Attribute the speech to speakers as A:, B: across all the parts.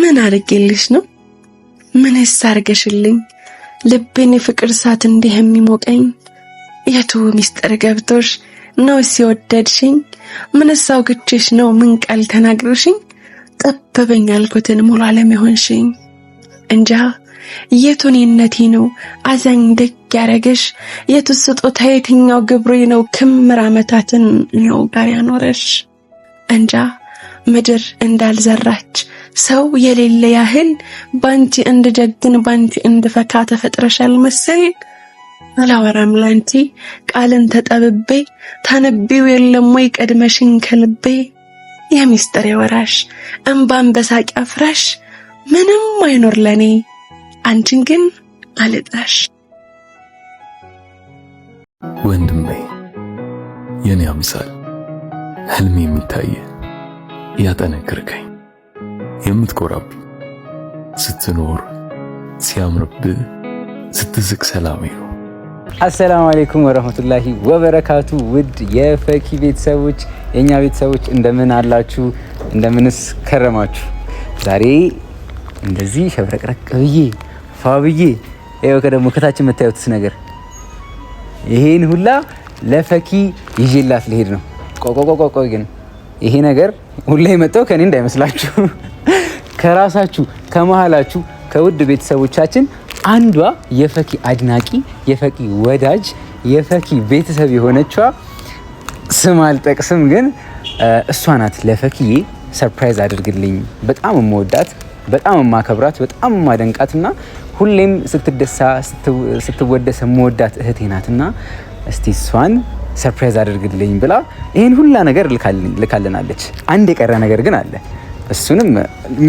A: ምን አድርጌልሽ ነው? ምንስ አድርገሽልኝ? ልቤን የፍቅር እሳት እንዲህ የሚሞቀኝ የቱ ሚስጥር ገብቶሽ ነው ሲወደድሽኝ? ምንስ አውግቼሽ ነው? ምን ቃል ተናግርሽኝ? ጠበበኝ ያልኩትን ሙሉ ዓለም የሆንሽኝ እንጃ የቱኔነቴ ነው አዛኝ ደግ ያረገሽ? የቱ ስጦታ የትኛው ግብሬ ነው ክምር ዓመታትን ነው ጋር ያኖረሽ እንጃ ምድር እንዳልዘራች ሰው የሌለ ያህል ባንቺ እንድጀግን ባንቺ እንድፈካ ተፈጥረሻል መሰል። አላወራም ላንቺ ቃልን ተጠብቤ ታነቢው የለም ወይ ቀድመሽን ከልቤ የሚስጥር የወራሽ እምባን በሳቅ አፍራሽ ምንም አይኖር ለኔ አንቺን ግን አልጣሽ
B: ወንድሜ የኔ አምሳል ህልሜ የሚታየ ያጠነክርከኝ የምትኮራብ ስትኖር ሲያምርብህ ስትዝቅ ሰላም ነው።
C: አሰላሙ አሌይኩም ወረህመቱላሂ ወበረካቱ። ውድ የፈኪ ቤተሰቦች የእኛ ቤተሰቦች እንደምን አላችሁ? እንደምንስ ከረማችሁ? ዛሬ እንደዚህ ሸብረቅረቅ ብዬ ፋብዬ ይኸው ከደግሞ ከታች የምታዩትስ ነገር ይሄን ሁላ ለፈኪ ይዤላት ልሄድ ነው። ቆቆቆቆቆ ግን ይሄ ነገር ሁሌ የመጣው ከኔ እንዳይመስላችሁ ከራሳችሁ ከመሃላችሁ ከውድ ቤተሰቦቻችን አንዷ የፈኪ አድናቂ የፈኪ ወዳጅ የፈኪ ቤተሰብ የሆነችዋ ስም አልጠቅስም፣ ግን እሷ ናት ለፈኪዬ ሰርፕራይዝ አድርግልኝ። በጣም የምወዳት በጣም የማከብራት በጣም የማደንቃት እና ሁሌም ስትደሳ ስትወደሰ የምወዳት እህቴ ናት እስቲ እሷን ሰርፕራይዝ አድርግልኝ ብላ ይህን ሁላ ነገር ልካልናለች። አንድ የቀረ ነገር ግን አለ። እሱንም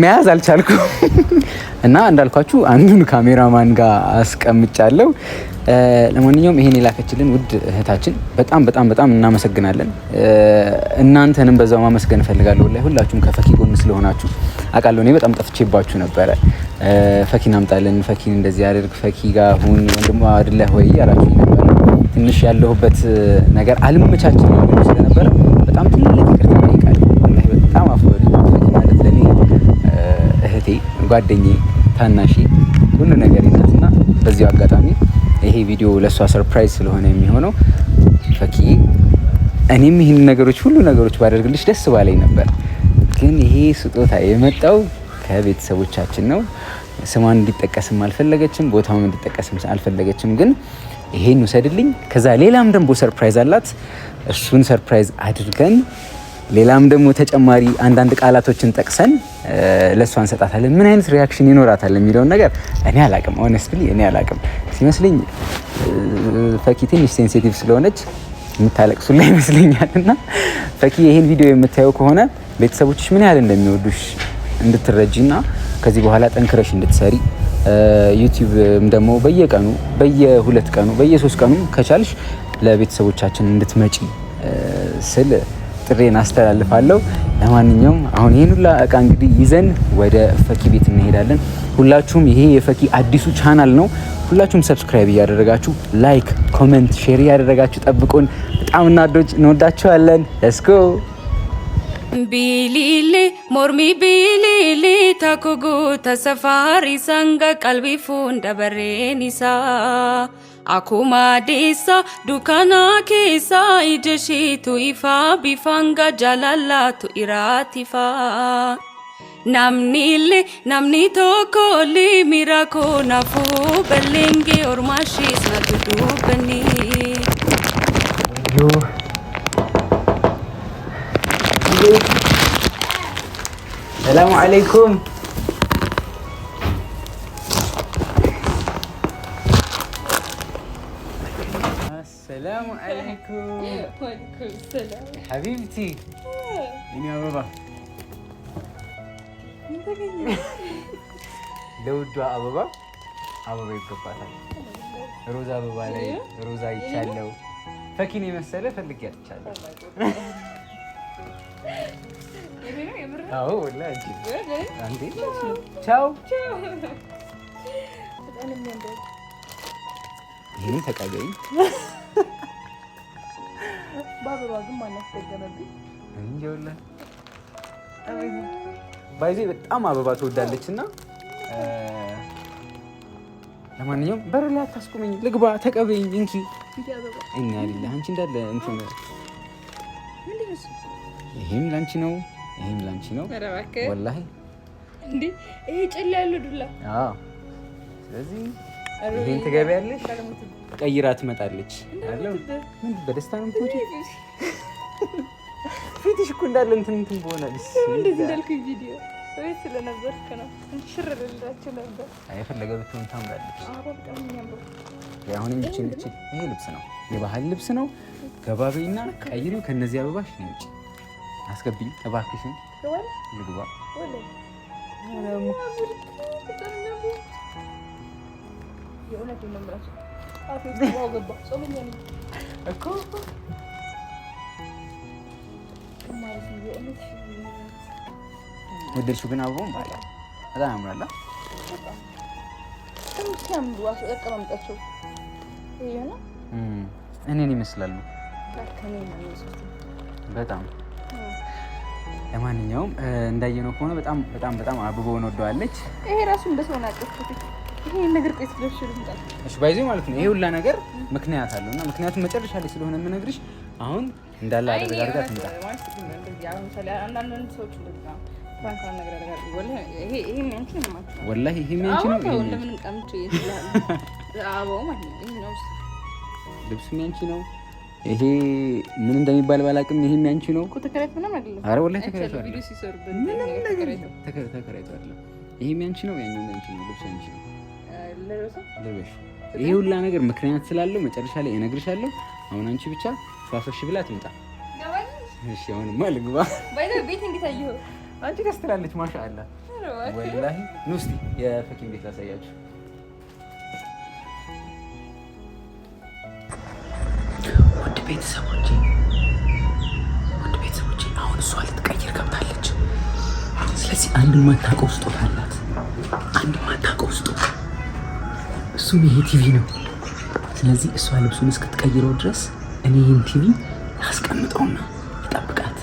C: መያዝ አልቻልኩም። እና እንዳልኳችሁ አንዱን ካሜራማን ጋር አስቀምጫለሁ። ለማንኛውም ይሄን የላከችልን ውድ እህታችን በጣም በጣም በጣም እናመሰግናለን። እናንተንም በዛው ማመስገን እፈልጋለሁ። ላይ ሁላችሁም ከፈኪ ጎን ስለሆናችሁ አውቃለሁ። እኔ በጣም ጠፍቼባችሁ ነበረ። ፈኪን አምጣልን፣ ፈኪን እንደዚህ አድርግ፣ ፈኪ ጋር ሁን፣ ወንድሟ አይደለ ሆይ አላችሁ ነበረ። ትንሽ ያለሁበት ነገር አልመቻችን ስለነበረ በጣም ትልቅ ይቅርታ ጠይቃለሁ። በጣም አፈወድ ፈኪ ማለት ለእኔ እህቴ ጓደኛዬ ታናሽ ሁሉ ነገር ናትና በዚሁ አጋጣሚ ይሄ ቪዲዮ ለእሷ ሰርፕራይዝ ስለሆነ የሚሆነው ፈኪ እኔም ይህን ነገሮች ሁሉ ነገሮች ባደርግልሽ ደስ ባለኝ ነበር፣ ግን ይሄ ስጦታ የመጣው ከቤተሰቦቻችን ነው። ስሟን እንዲጠቀስም አልፈለገችም፣ ቦታውን እንዲጠቀስም አልፈለገችም። ግን ይሄን ውሰድልኝ፣ ከዛ ሌላም ደንቦ ሰርፕራይዝ አላት። እሱን ሰርፕራይዝ አድርገን ሌላም ደግሞ ተጨማሪ አንዳንድ ቃላቶችን ጠቅሰን ለእሷ እንሰጣታለን። ምን አይነት ሪያክሽን ይኖራታል የሚለውን ነገር እኔ አላቅም። ኦነስትሊ እኔ አላቅም። ሲመስለኝ ፈኪ ትንሽ ሴንሲቲቭ ስለሆነች የምታለቅሱ ላይ ይመስለኛል። እና ፈኪ ይህን ቪዲዮ የምታየው ከሆነ ቤተሰቦችሽ ምን ያህል እንደሚወዱሽ እና ከዚህ በኋላ ጠንክረሽ እንድትሰሪ ዩቲዩብ ደግሞ በየቀኑ በየሁለት ቀኑ በየሶስት ቀኑ ከቻልሽ ለቤተሰቦቻችን እንድትመጪ ስል ጥሬን አስተላልፋለሁ። ለማንኛውም አሁን ይህን ሁላ እቃ እንግዲህ ይዘን ወደ ፈኪ ቤት እንሄዳለን። ሁላችሁም ይሄ የፈኪ አዲሱ ቻናል ነው። ሁላችሁም ሰብስክራይብ እያደረጋችሁ ላይክ፣ ኮመንት፣ ሼር እያደረጋችሁ ጠብቁን። በጣም እናዶች እንወዳችኋለን። ለስኮ
A: ቢሊሊ ሞርሚ ቢሊሊ ተኩጉ ተሰፋሪ ሰንገ ቀልቢፉ እንደበሬኒሳ Akkuma deessa dukkana keessa ija isheetu ifa bifanga jaalalaatu iraatifa. Namni illee namni tokko illee miira koonafuu balleengee ormaa ishees na duduubani.
C: Salaamu alaikum. አሰላሙ አለይኩም። ሐቢብቲ እኔ አበባ ለውዷ አበባ አበባ ይገባታል። ሮዛ አበባ ላይ ሮዛ ይቻለው ፈኪን የመሰለ ፈልጌ ያልቻለሁ። አዎ ቻው ይህን ተቀበይ።
A: በአበባ ግን ማናት ደገመብኝ
C: እንጀውላ ባይዜ በጣም አበባ ትወዳለች እና ለማንኛውም በር ላይ አታስቁመኝ፣ ልግባ፣ ተቀበይኝ እንኪ እና አይደለ አንቺ እንዳለ እንትን ይሄም ላንቺ ነው፣ ይህም
A: ላንቺ ነው። ወላሂ እንዴ ይሄ ጭላ ያለው ዱላ።
C: ስለዚህ ይሄን ትገቢያለሽ፣ ቀይራ ትመጣለች። በደስታ ነው ፊትሽ እኮ እንዳለ እንትን እንትን በሆናልሽ
A: እንደዚህ እንዳልኩኝ ቪዲዮ ቤት ስለነበርክ ነው ሽር ልላቸው ነበር። የፈለገ
C: ብትሆን ታምራለች። አሁንም ይችን ይችን ይሄ ልብስ ነው የባህል ልብስ ነው። ገባቤና ቀይ ነው። ከእነዚህ አበባሽ ነው ውጭ አስገብኝ
A: እባክሽን ልግባ
C: ወደድሽው ግን አበባውን ማለት በጣም ያምራል። እኔን ይመስላሉ በጣም ለማንኛውም እንዳየነው ከሆነ በጣም በጣም በጣም አብቦ እንወደዋለች።
A: ይሄ ራሱን በሰው ናቀፍ እሺ ባይዜ
C: ማለት ነው። ይሄ ሁላ ነገር ምክንያት አለው እና ምክንያቱም መጨረሻ ላይ ስለሆነ የምነግርሽ አሁን እንዳለ አደረግ አድርጋ ትምጣ። ወላሂ ይሄ ሚያንቺ
A: ነው፣
C: ልብሱ ሚያንቺ ነው። ይሄ ምን እንደሚባል ባላቅም ይሄ ሚያንቺ ነው።
A: አረ ወላሂ ተከራይቷል፣
C: ምንም ነገር አይደለም። ይሄ ሚያንቺ ነው፣ ያኛው ሚያንቺ ነው፣ ልብስ ሚያንቺ ነው። ይሄ ሁላ ነገር ምክንያት ስላለው መጨረሻ ላይ እነግርሻለሁ። አሁን አንቺ ብቻ ፋሶሽ ብላ ትምጣ። እሺ፣
A: አሁንማ ልግባ። ቤት እንዴት
C: አንቺ ደስ ትላለች። ማሻአላ ወላሂ። ኑ እስኪ የፈኪን ቤት ላሳያችሁ። ውድ ቤተሰቦቼ ውድ ቤተሰቦቼ፣ አሁን እሷ ልትቀይር ገብታለች። ስለዚህ አንድ የማታውቀው ስጦታ አላት። አንድ እሱም ይሄ ቲቪ ነው። ስለዚህ እሷ ልብሱን እስክትቀይረው ድረስ እኔ ይህን ቲቪ ያስቀምጠውና ይጠብቃት።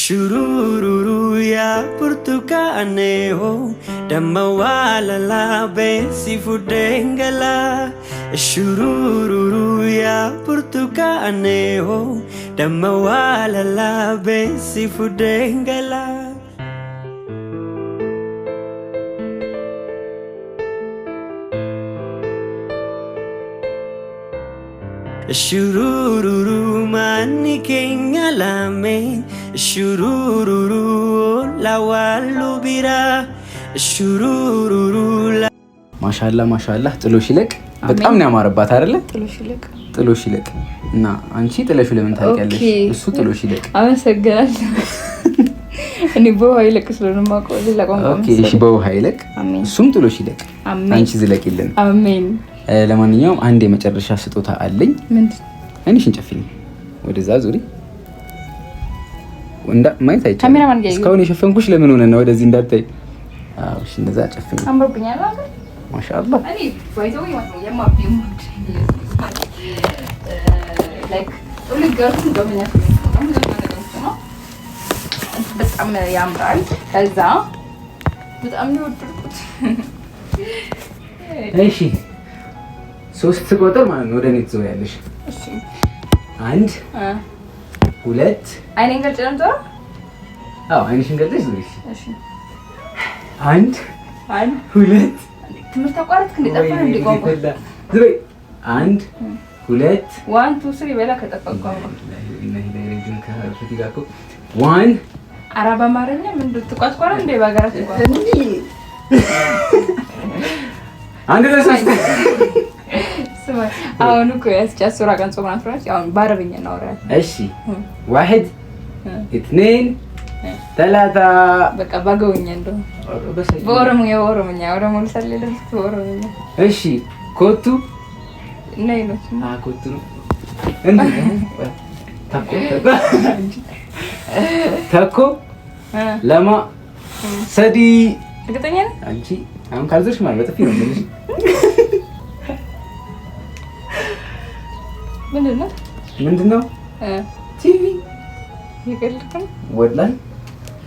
C: ሹሩሩሩያ ብርቱካኔሆ ደመዋለላ ቤሲፉ ደንገላ Shurururu ya portucane ho Damawala la besi fudengala Shurururu manikengalame Shurururu la walubira Shurururu la ማሻላ ማሻላ ጥሎሽ ይለቅ በጣም ነው ያማረባት አይደለ? ጥሎሽ ይለቅ እና አንቺ ጥለሹ ለምን ታልቂያለሽ? እሱ ጥሎሽ ይለቅ። አመሰግናለሁ።
A: እኔ በውሃ ይለቅ ስለሆነ ሌላ ቋንቋ መሰለኝ። እሺ በውሃ ይለቅ፣
C: እሱም ጥሎሽ ይለቅ። አንቺ ዝለቂልን። አሜን። ለማንኛውም አንድ የመጨረሻ ስጦታ አለኝ። ምንድን? ዓይንሽን ጨፍኝ፣ ወደዛ ዙሪ እንዳ ማየት አይቻልም። እስካሁን የሸፈንኩሽ ለምን ሆነ ነው? ወደዚህ እንዳታይ። አዎ፣ እሺ፣ እንደዛ ጨፍኝ። አምሮብኛል
A: አይደል? ማሻላ በጣም ያምራል። ከዛ በጣም ነው
C: እሺ ሶስት ቁጥር ማለት ነው ወደ እኔ ትዞሪያለሽ። አንድ ሁለት አይኔን ገልጭ ነው
A: የምትወራው? አዎ አይንሽን ገልጭ
C: ዙሪ። አንድ አንድ ሁለት
A: ትምህርት አቋረጥክ እንደ ጠፋህ እንደ ጓንጓ
C: ዝበይ አንድ ሁለት ዋን ቱ ስሪ በላ ከጠፋህ ዋን
A: በአማርኛ ትቋጥቋራ አንድ አሁን እኮ ጾም አሁን በአረብኛ እናወራለን። እሺ ተላታ በቃ ባገውኛ እንደው በኦሮሞኛ በኦሮሞኛ ኦሮሞ በኦሮሞኛ እሺ
C: ኮቱ ነይ ኮቱ ነው ተኮ ለማ ሰዲ እርግጠኛ ነህ አንቺ አሁን ካልዞርሽ ማለት በጥፊ ነው ምንድን ነው ምንድን ነው ቲቪ የቀልድክ ነው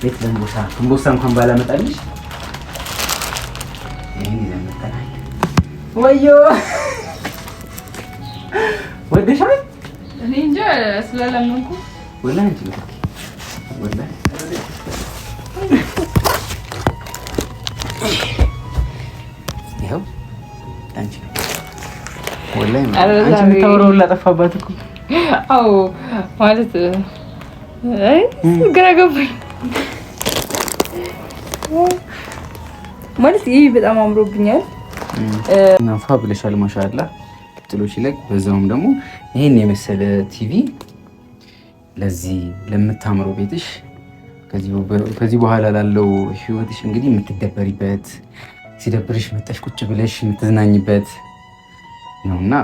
C: ቤት ለንቦሳ ገንቦሳ እንኳን ባላመጣልሽ ይህን ይዘን መጠናል። ወዮ ወደሻል።
A: እኔ እንጃ ስለለመንኩ
C: ወላ እንጂ ወላሂ ይኸው አንቺ ወላሂ አንቺ የምታወራው ላጠፋባት እኮ
A: አዎ ማለት አይ ግራ ገባኝ። ማለት ይህ በጣም
C: አምሮብኛል እና ፋ ብለሻል። ማሻላ ጥሎች ላይ በዛውም ደግሞ ይህን የመሰለ ቲቪ ለዚህ ለምታምረው ቤትሽ ከዚህ በኋላ ላለው ህይወትሽ እንግዲህ የምትደበሪበት ሲደብርሽ መጣሽ ቁጭ ብለሽ የምትዝናኝበት ነውና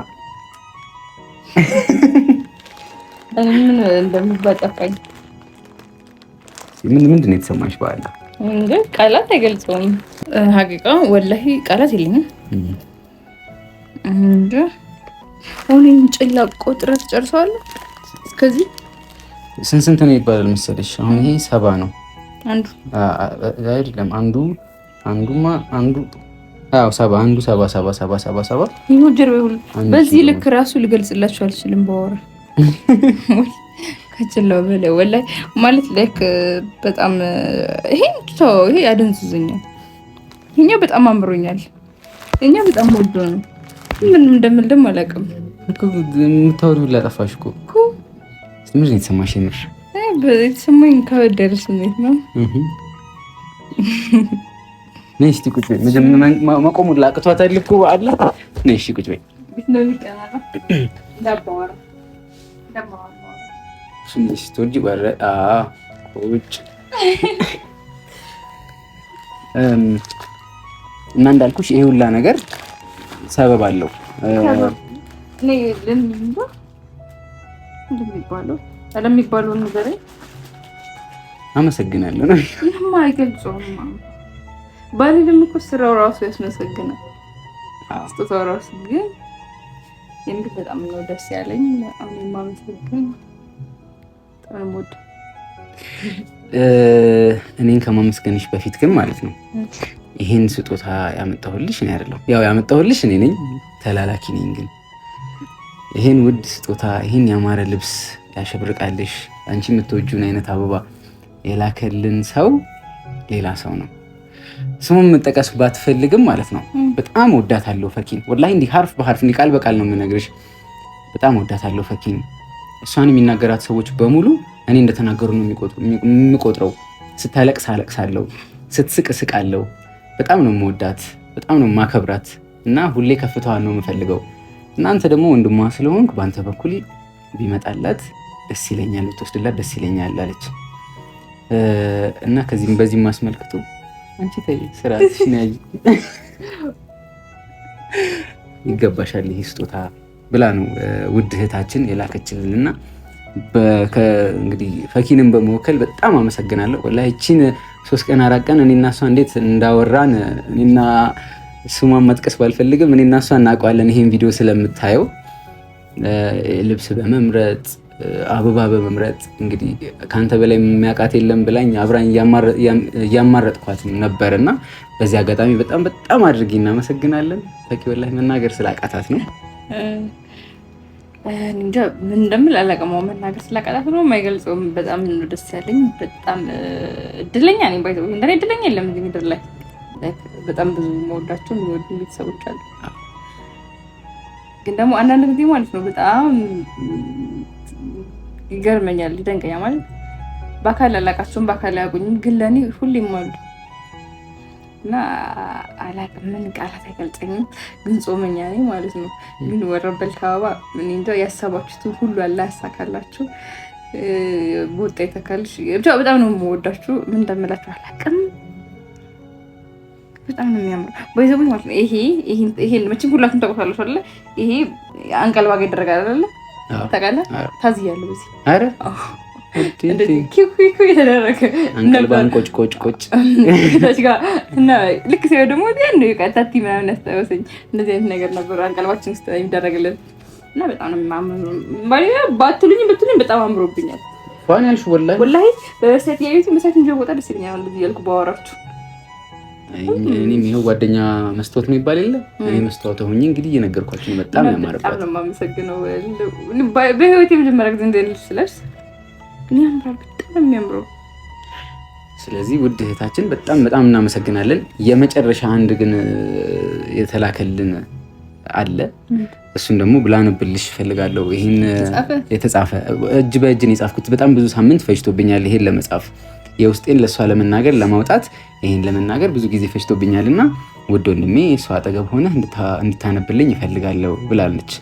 A: ምን እንደምባጠፋኝ
C: ምን ምንድን ነው የተሰማሽ በኋላ
A: እንደ ቃላት አይገልጸውም። ሀቂቃ ወላሂ ቃላት የለኝም። እንደ ሁኔም ጭላ ቆጥረት ጨርሰዋለሁ። እስከዚህ
C: ስንት ስንት ነው ይባላል መሰለሽ? አሁን ይሄ ሰባ ነው። አንዱ አይደለም አንዱ አንዱማ አንዱ አዎ ሰባ አንዱ ሰባ ሰባ ሰባ ሰባ
A: ሰባ ይሁ ጀርቤ ሁሉ በዚህ ልክ ራሱ ልገልጽላችሁ አልችልም። በወራ ከችለው በላይ ወላሂ ማለት ላይክ በጣም ይሄን ተው፣ ይሄ ያደንዝዘኛል። ይሄኛ በጣም አምሮኛል። እኛ በጣም ወዶ ነው። ምንም እንደምል ደግሞ አላውቅም።
C: የምታወሪው ላጠፋሽ እኮ ምንድን የተሰማሽ?
A: የምር የተሰማኝ ከበድ
C: ስሜት ነው። ነይ እስኪ ቁጭ በይ። መቆሙን ላቅቷታል እኮ በአላ። ነይ እስኪ ቁጭ በይ። ስትወርጂ ቁጭ እና እንዳልኩሽ ይሄ ሁላ ነገር ሰበብ አለው።
A: ለሚባለው ነገር
C: አመሰግናለሁ ነው
A: ባልልም እኮ ስራው ራሱ ያስመሰግናል። ስጦታው ራሱ ግን በጣም ነው ደስ ያለኝ። አሁን የማመሰግን ጠንሞድ
C: እኔን ከማመስገንሽ በፊት ግን ማለት ነው ይህን ስጦታ ያመጣሁልሽ እኔ አይደለሁ። ያው ያመጣሁልሽ እኔ ነኝ፣ ተላላኪ ነኝ። ግን ይህን ውድ ስጦታ ይህን ያማረ ልብስ ያሸብርቃልሽ አንቺ የምትወጁን አይነት አበባ የላከልን ሰው ሌላ ሰው ነው። ስሙን መጠቀስ ባትፈልግም ማለት ነው በጣም ወዳታለሁ ፈኪን። ወላሂ እንዲህ ሀርፍ በሀርፍ እንዲህ ቃል በቃል ነው የምነግርሽ። በጣም ወዳታለሁ ፈኪን። እሷን የሚናገራት ሰዎች በሙሉ እኔ እንደተናገሩ ነው የሚቆጥረው። ስታለቅስ አለቅሳለሁ፣ ስትስቅ እስቃለሁ። በጣም ነው የምወዳት፣ በጣም ነው የማከብራት እና ሁሌ ከፍታዋን ነው የምፈልገው። እናንተ ደግሞ ወንድሟ ስለሆንክ በአንተ በኩል ቢመጣላት ደስ ይለኛል፣ ብትወስድላት ደስ ይለኛል አለች እና ከዚህም በዚህም አስመልክቶ አንቺ ተይ ስራሽን ይገባሻል ይህ ስጦታ ብላ ነው ውድ እህታችን የላከችልንና እንግዲህ ፈኪንም በመወከል በጣም አመሰግናለሁ። ላይችን ሶስት ቀን አራት ቀን እኔና እሷ እንዴት እንዳወራን እኔና ስሟን መጥቀስ ባልፈልግም እኔና እሷ እናውቀዋለን። ይሄን ቪዲዮ ስለምታየው ልብስ በመምረጥ አበባ በመምረጥ እንግዲህ ከአንተ በላይ የሚያውቃት የለም ብላኝ አብራኝ እያማረጥኳት ነበር እና በዚህ አጋጣሚ በጣም በጣም አድርጌ እናመሰግናለን። ፈኪ ወላሂ መናገር አቃታት ነው።
A: እንጃ ምን እንደምል አላውቅም። መናገር ስላቃጣት ነው የማይገልጸውም። በጣም ነው ደስ ያለኝ። በጣም እድለኛ ነኝ። ባይተው እንደኔ እድለኛ የለም እዚህ ምድር ላይ። በጣም ብዙ መወዳቸው የሚወዱ ቤተሰቦች አሉ። ግን ደግሞ አንዳንድ ጊዜ ማለት ነው በጣም ይገርመኛል፣ ይደንቀኛል። ማለት በአካል አላውቃቸውም፣ በአካል አያውቁኝም፣ ግን ለእኔ ሁሌም አሉ። እና አላቅም ምን ቃላት አይገልጸኝም፣ ግን ጾመኛ ነኝ ማለት ነው። ግን ወረበል ከበባ እኔ እንጃ ያሰባችሁትን ሁሉ አላ ያሳካላችሁ። በወጣ የተካልሽ ብቻ በጣም ነው የምወዳችሁ። ምን እንደምላችሁ አላቅም። በጣም ነው የሚያምረው በይዘቡ ማለት ነው። ይሄ ይሄ መቼም ሁላችሁም ታውቁታላችሁ አይደለ? ይሄ አንቀልባ ይደረጋል አይደለ? ታውቃለህ? ታዝያለሁ በዚህ የተደረገ እንቅልባን ቆጭ ቆጭ ቆጭ ልክ ሲሆን ደግሞ ምናምን ያስታወሰኝ እንደዚህ አይነት ነገር አንቀልባችን ውስጥ የሚደረግልን እና በጣም ባትሉኝ ብትሉኝ በጣም አምሮብኛል።
C: ያልሽ ወላሂ የቤቱ
A: መሳት እንጂ ቦታ ደስ ይለኛል እያልኩ ባወራችሁ
C: እኔም ይኸው ጓደኛ መስታወት የሚባል የለ እኔ መስታወት እንግዲህ በጣም በጣም ነው የማመሰግነው
A: በህይወት የመጀመሪያ ጊዜ ስለርስ ያምራል፣ በጣም የሚያምረው።
C: ስለዚህ ውድ እህታችን በጣም በጣም እናመሰግናለን። የመጨረሻ አንድ ግን የተላከልን አለ። እሱን ደግሞ ብላነብልሽ እፈልጋለሁ። ይህን የተጻፈ እጅ በእጅን የጻፍኩት በጣም ብዙ ሳምንት ፈጅቶብኛል። ይሄን ለመጻፍ የውስጤን ለእሷ ለመናገር ለማውጣት ይህን ለመናገር ብዙ ጊዜ ፈጅቶብኛል እና ውድ ወንድሜ እሷ አጠገብ ሆነ እንድታነብልኝ እፈልጋለሁ ብላለች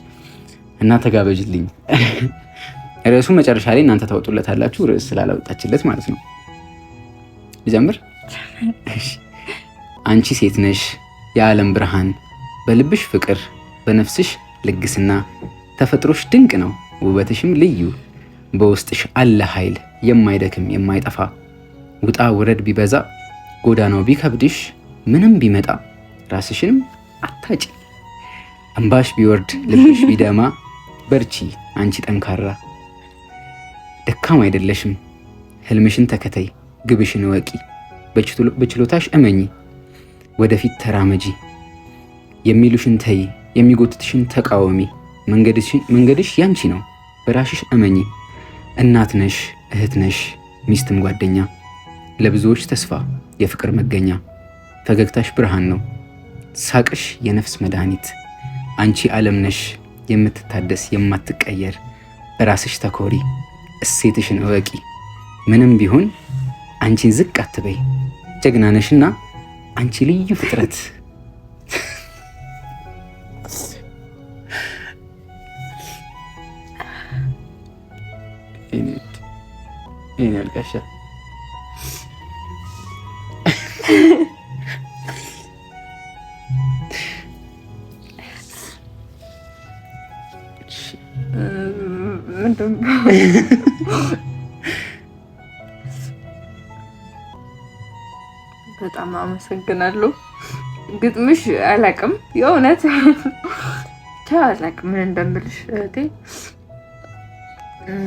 C: እና ተጋበጅልኝ ርዕሱ መጨረሻ ላይ እናንተ ታወጡለታላችሁ። ርዕስ ስላላወጣችለት ማለት ነው። ጀምር አንቺ ሴት ነሽ የዓለም ብርሃን፣ በልብሽ ፍቅር፣ በነፍስሽ ልግስና፣ ተፈጥሮሽ ድንቅ ነው ውበትሽም ልዩ፣ በውስጥሽ አለ ኃይል የማይደክም የማይጠፋ። ውጣ ውረድ ቢበዛ ጎዳናው ቢከብድሽ ምንም ቢመጣ ራስሽንም አታጭ። እንባሽ ቢወርድ ልብሽ ቢደማ በርቺ አንቺ ጠንካራ ደካማ አይደለሽም። ህልምሽን ተከተይ፣ ግብሽን እወቂ፣ በችሎታሽ እመኚ፣ ወደፊት ተራመጂ። የሚሉሽን ተይ፣ የሚጎትትሽን ተቃወሚ። መንገድሽ ያንቺ ነው። በራሽሽ እመኚ። እናት ነሽ፣ እህት ነሽ፣ ሚስትም ጓደኛ፣ ለብዙዎች ተስፋ፣ የፍቅር መገኛ። ፈገግታሽ ብርሃን ነው፣ ሳቅሽ የነፍስ መድኃኒት። አንቺ ዓለም ነሽ የምትታደስ የማትቀየር። በራስሽ ተኮሪ። እሴትሽን እወቂ። ምንም ቢሆን አንቺን ዝቅ አትበይ። ጀግና ነሽና አንቺ ልዩ ፍጥረት። ይሄን ያልቃሻል
A: በጣም አመሰግናለሁ። ግጥምሽ አላቅም የእውነት ብቻ አላቅም ምን እንደምልሽ እህቴ።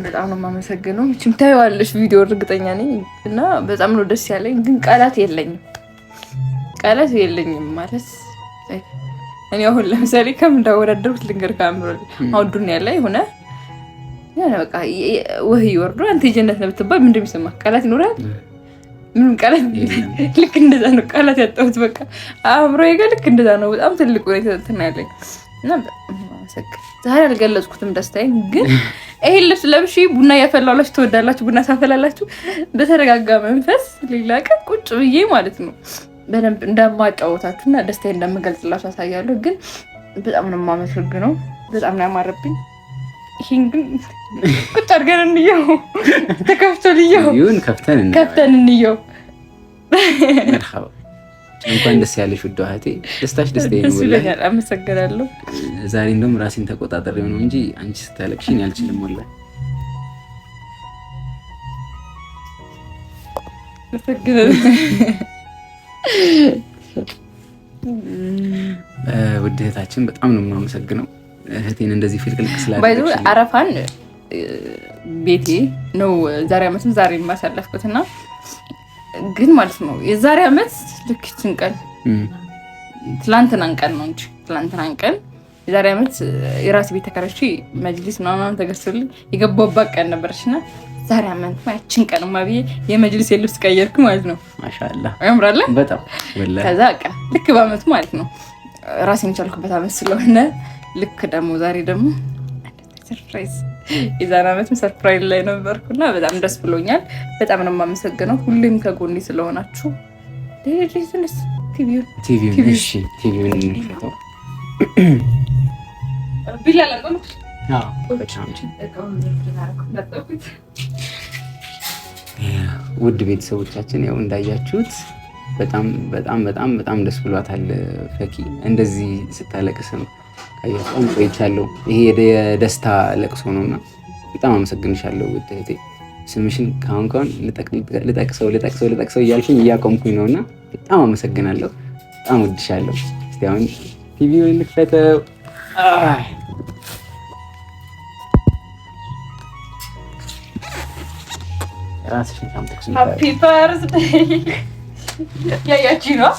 A: በጣም ነው የማመሰግነው። ይችም ታይዋለሽ ቪዲዮ እርግጠኛ ነኝ እና በጣም ነው ደስ ያለኝ፣ ግን ቃላት የለኝም ቃላት የለኝም ማለት እኔ አሁን ለምሳሌ ከምን እንዳወዳደርኩት ልንገር ካምሮ አሁን ዱኒያ ላይ ሆነ ያ በቃ ወህ ይወርዶ አንተ የጀነት ነው ብትባል ምን እንደሚሰማ ቃላት ይኖራል ምንም ቃላት ልክ እንደዛ ነው ቃላት ያጣሁት። በቃ አእምሮ ጋር ልክ እንደዛ ነው። በጣም ትልቅ ሁኔታ ያለኝ ዛሬ አልገለጽኩትም ደስታዬን። ግን ይሄን ልብስ ለብሼ ቡና እያፈላላችሁ ትወዳላችሁ፣ ቡና ሳፈላላችሁ በተረጋጋ መንፈስ ሌላ ቀን ቁጭ ብዬ ማለት ነው በደንብ እንደማጫወታችሁ እና ደስታዬን እንደምገልጽላችሁ አሳያለሁ። ግን በጣም ነው የማመሰግነው። በጣም ነው ያማረብኝ። ይሄን ግን ቁጭ አድርገን እንየው። ተከፍቶ ልየው ይሁን ከፍተን ከፍተን እንየው።
C: እንኳን ደስ ያለሽ ውድ እህቴ፣ ደስታሽ
A: አመሰግናለሁ። ዛሬ እንደውም ራሴን
C: ተቆጣጠር ነው እንጂ አንቺ ስታለቅሽኝ አልችልም። ወላ ውድ እህታችን በጣም ነው የምናመሰግነው። እህቴን እንደዚህ ፍልቅልቅ
A: ስላደረግሽ አረፋን ቤቴ ነው ዛሬ ዓመትም ዛሬ የማሳለፍኩት እና ግን ማለት ነው የዛሬ ዓመት ልክችን ቀን ትላንትናን ቀን ነው እንጂ ትላንትናን ቀን የዛሬ ዓመት የራሴ ቤት ተከራች መጅሊስ ምናምን ተገዝቶልኝ የገባሁባት ቀን ነበረች እና ዛሬ ዓመት ያችን ቀን ማ ብዬ የመጅሊስ የልብስ
C: ቀየርኩ ማለት ነው። ማሻላ ያምራል
A: በጣም ከዛ ልክ በዓመቱ ማለት ነው ራሴ የሚቻልኩበት ዓመት ስለሆነ ልክ ደግሞ ዛሬ ደግሞ ሰርፕራይዝ የዛን ዓመትም ሰርፕራይዝ ላይ ነበርኩና በጣም ደስ ብሎኛል። በጣም ነው የማመሰግነው ሁሌም ከጎኒ ስለሆናችሁ።
C: ውድ ቤተሰቦቻችን ያው እንዳያችሁት በጣም በጣም በጣም በጣም ደስ ብሏታል። ፈኪ እንደዚህ ስታለቅስ ነው በጣም ቆይቻለሁ። ይሄ የደስታ ለቅሶ ነውና በጣም አመሰግንሻለሁ ውድ እህቴ። ስምሽን ከአሁን ከአሁን ልጠቅሰው ልጠቅሰው ልጠቅሰው እያልሽኝ እያቆምኩኝ ነውና በጣም አመሰግናለሁ። በጣም ወድሻለሁ። እስኪ አሁን ቲቪውን ልክፈተው። ራስሽን
A: ያያችሁ ነው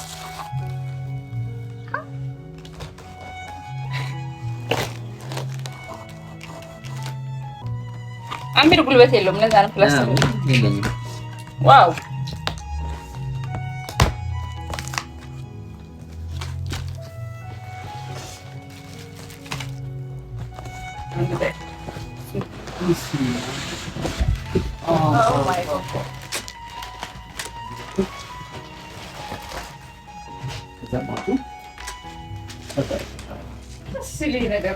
A: የሚል ጉልበት የለውም። ለዛ ነው ፕላስቲክ ዋው ነገር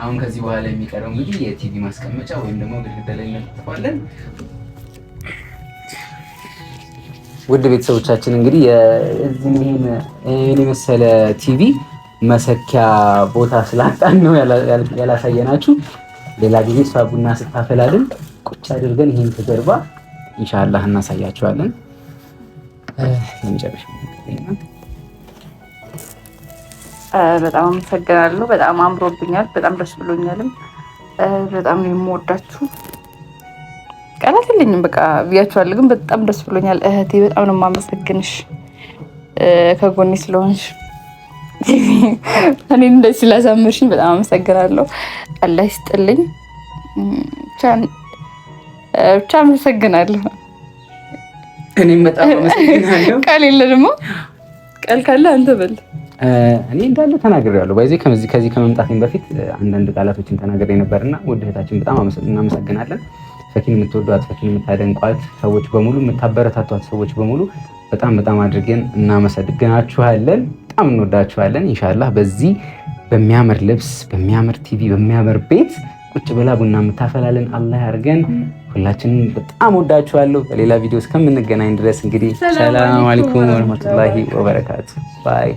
C: አሁን ከዚህ በኋላ የሚቀረው እንግዲህ የቲቪ ማስቀመጫ ወይም ደግሞ ግድግዳ ላይ እናጠፋለን። ውድ ቤተሰቦቻችን እንግዲህ ይህን የመሰለ ቲቪ መሰኪያ ቦታ ስላጣን ነው ያላሳየናችሁ። ሌላ ጊዜ እሷ ቡና ስታፈላልን ቁጭ አድርገን ይህን ተጀርባ ኢንሻላህ እናሳያችኋለን።
A: በጣም አመሰግናለሁ። በጣም አምሮብኛል። በጣም ደስ ብሎኛልም። በጣም ነው የምወዳችሁ። ቃላት የለኝም። በቃ ብያችኋለሁ፣ ግን በጣም ደስ ብሎኛል እህቴ። በጣም ነው የማመሰግንሽ ከጎኔ ስለሆንሽ እኔ እንደዚህ ስላሳመርሽኝ በጣም አመሰግናለሁ። አላህ ይስጥልኝ። ብቻ አመሰግናለሁ።
C: እኔም በጣም አመሰግናለሁ።
A: ቃል የለ ደግሞ ቃል ካለ አንተ በል። እኔ እንዳለ
C: ተናግሬዋለሁ። ባይዜ ከዚህ ከመምጣቴም በፊት አንዳንድ ቃላቶችን ተናግሬ ነበርና ውድ እህታችን በጣም እናመሰግናለን። ፈኪን የምትወዷት፣ ፈኪን የምታደንቋት ሰዎች በሙሉ የምታበረታቷት ሰዎች በሙሉ በጣም በጣም አድርገን እናመሰግናችኋለን። በጣም እንወዳችኋለን። ኢንሻላህ በዚህ በሚያምር ልብስ፣ በሚያምር ቲቪ፣ በሚያምር ቤት ቁጭ ብላ ቡና የምታፈላልን አላህ ያድርገን። ሁላችንም በጣም ወዳችኋለሁ። በሌላ ቪዲዮ እስከምንገናኝ ድረስ እንግዲህ ሰላም አለይኩም ወረህመቱላሂ ወበረካቱ ባይ